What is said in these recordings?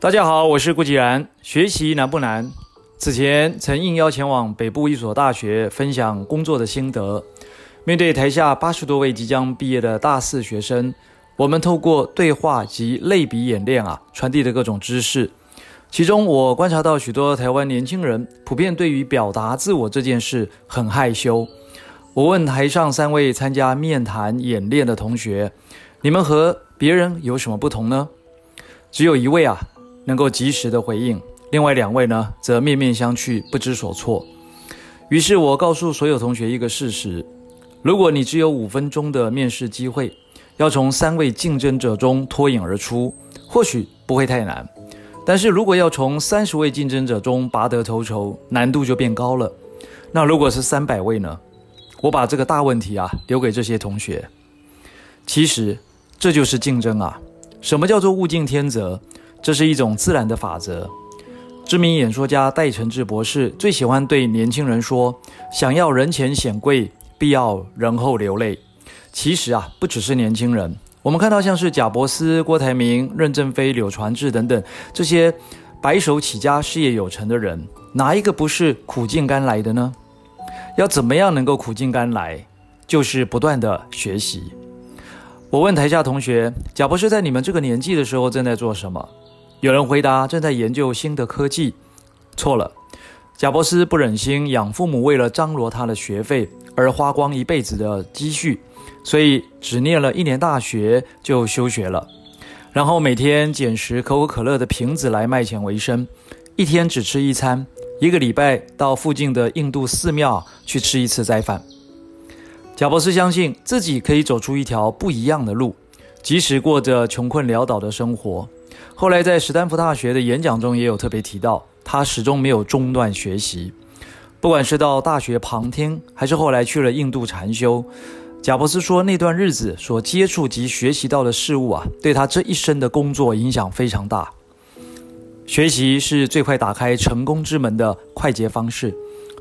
大家好，我是顧繼然。學習難不難？此前曾應邀前往北部一所大學分享工作的心得。面對台下八十多位即將畢業的大四學生，我們透過對話及類比演練啊，傳遞的各種知識。其中我觀察到許多台灣年輕人普遍對於表達自我這件事很害羞。我問台上三位參加面談演練的同學：“你們和別人有什麼不同呢？”只有一位啊。能夠及時的回應，另外兩位呢則面面相覷，不知所措。於是我告訴所有同學一個事實：如果你只有五分鐘的面試機會，要從三位競爭者中脫穎而出，或許不會太難；但是如果要從三十位競爭者中拔得頭籌，難度就變高了。那如果是三百位呢？我把這個大問題啊留給這些同學。其實這就是競爭啊！什麼叫做物競天擇？這是一種自然的法則。知名演說家戴晨志博士最喜歡對年輕人說：“想要人前顯貴，必要人後流淚。”其實啊，不只是年輕人，我們看到像是賈伯斯、郭台銘、任正非、柳傳志等等這些白手起家、事業有成的人，哪一個不是苦盡甘來的呢？要怎麼樣能夠苦盡甘來？就是不斷的學習。我問台下同學：“賈伯斯在你們這個年紀的時候正在做什麼？”有人回答：“正在研究新的科技。”錯了，賈伯斯不忍心養父母為了張羅他的學費而花光一輩子的積蓄，所以只念了一年大學就休學了，然後每天撿拾可口可樂的瓶子來賣錢為生，一天只吃一餐，一個禮拜到附近的印度寺廟去吃一次齋飯。賈伯斯相信自己可以走出一條不一樣的路，即使過着窮困潦倒的生活。後來在史丹福大學的演講中也有特別提到，他始終沒有中斷學習，不管是到大學旁聽，還是後來去了印度禪修，賈伯斯說那段日子所接觸及學習到的事物啊，對他這一生的工作影響非常大。學習是最快打開成功之門的快捷方式，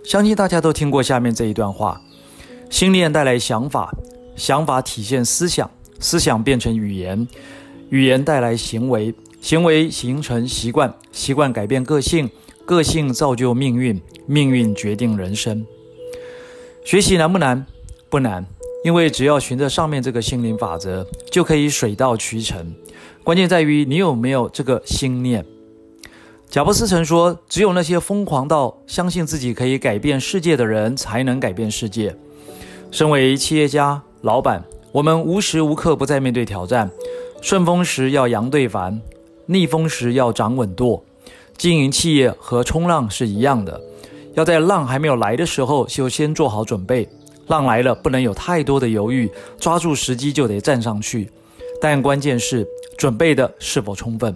相信大家都聽過下面這一段話：心念帶來想法，想法體現思想，思想變成語言，語言帶來行為。行為形成習慣，習慣改變個性，個性造就命運，命運決定人生。學習難不難？不難，因為只要循着上面這個心靈法則，就可以水到渠成。關鍵在於你有沒有這個心念。賈伯斯曾說：“只有那些瘋狂到相信自己可以改變世界的人，才能改變世界。”身為企業家、老闆，我們無時無刻不在面對挑戰。順風時要揚帆。逆風時要掌穩舵，經營企業和衝浪是一樣的，要在浪還沒有來的時候就先做好準備，浪來了不能有太多的猶豫，抓住時機就得站上去。但關鍵是準備的是否充分。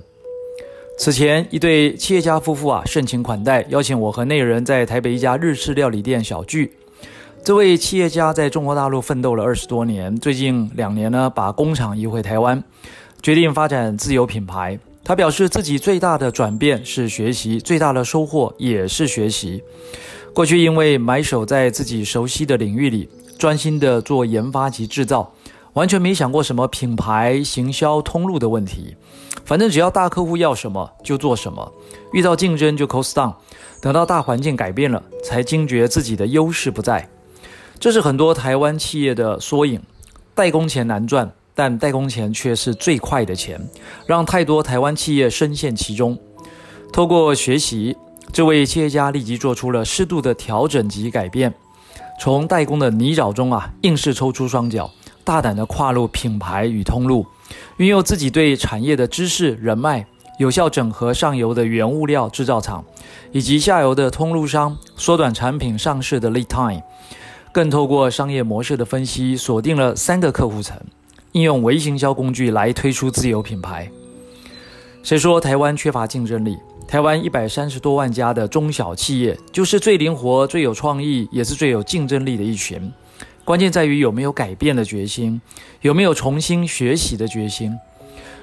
此前，一對企業家夫婦啊盛情款待，邀請我和內人在台北一家日式料理店小聚。這位企業家在中國大陸奮鬥了二十多年，最近兩年呢把工廠移回台灣，決定發展自有品牌。他表示，自己最大的轉變是學習，最大的收穫也是學習。過去因為埋首在自己熟悉的領域裡專心地做研發及製造，完全沒想過什麼品牌行銷通路的問題。反正只要大客戶要什麼就做什麼，遇到競爭就 cost down。等到大環境改變了，才驚覺自己的優勢不在。這是很多台灣企業的縮影，代工錢難賺。但代工錢卻是最快的錢，讓太多台灣企業深陷其中。透過學習，這位企業家立即做出了適度的調整及改變，從代工的泥沼中啊，硬是抽出雙腳，大膽的跨入品牌與通路，運用自己對產業的知識、人脈，有效整合上游的原物料製造廠，以及下游的通路商，縮短產品上市的 lead time，更透過商業模式的分析，鎖定了三個客戶層。應用微行銷工具來推出自有品牌。誰說台灣缺乏競爭力？台灣一百三十多萬家的中小企業，就是最靈活、最有創意，也是最有競爭力的一群。關鍵在於有沒有改變的決心，有沒有重新學習的決心。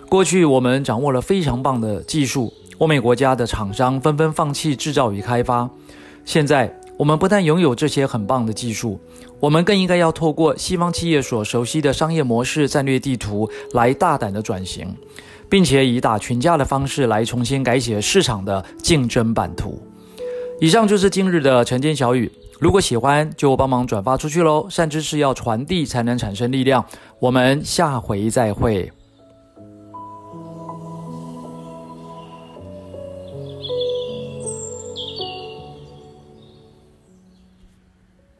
過去我們掌握了非常棒的技術，歐美國家的廠商紛紛放棄制造與開發。現在。我們不但擁有這些很棒的技術，我們更應該要透過西方企業所熟悉的商業模式、戰略地圖來大膽的轉型，並且以打群架的方式來重新改寫市場的競爭版圖。以上就是今日的晨間小語，如果喜歡就幫忙轉發出去嘍！善知識要傳遞才能產生力量，我們下回再會。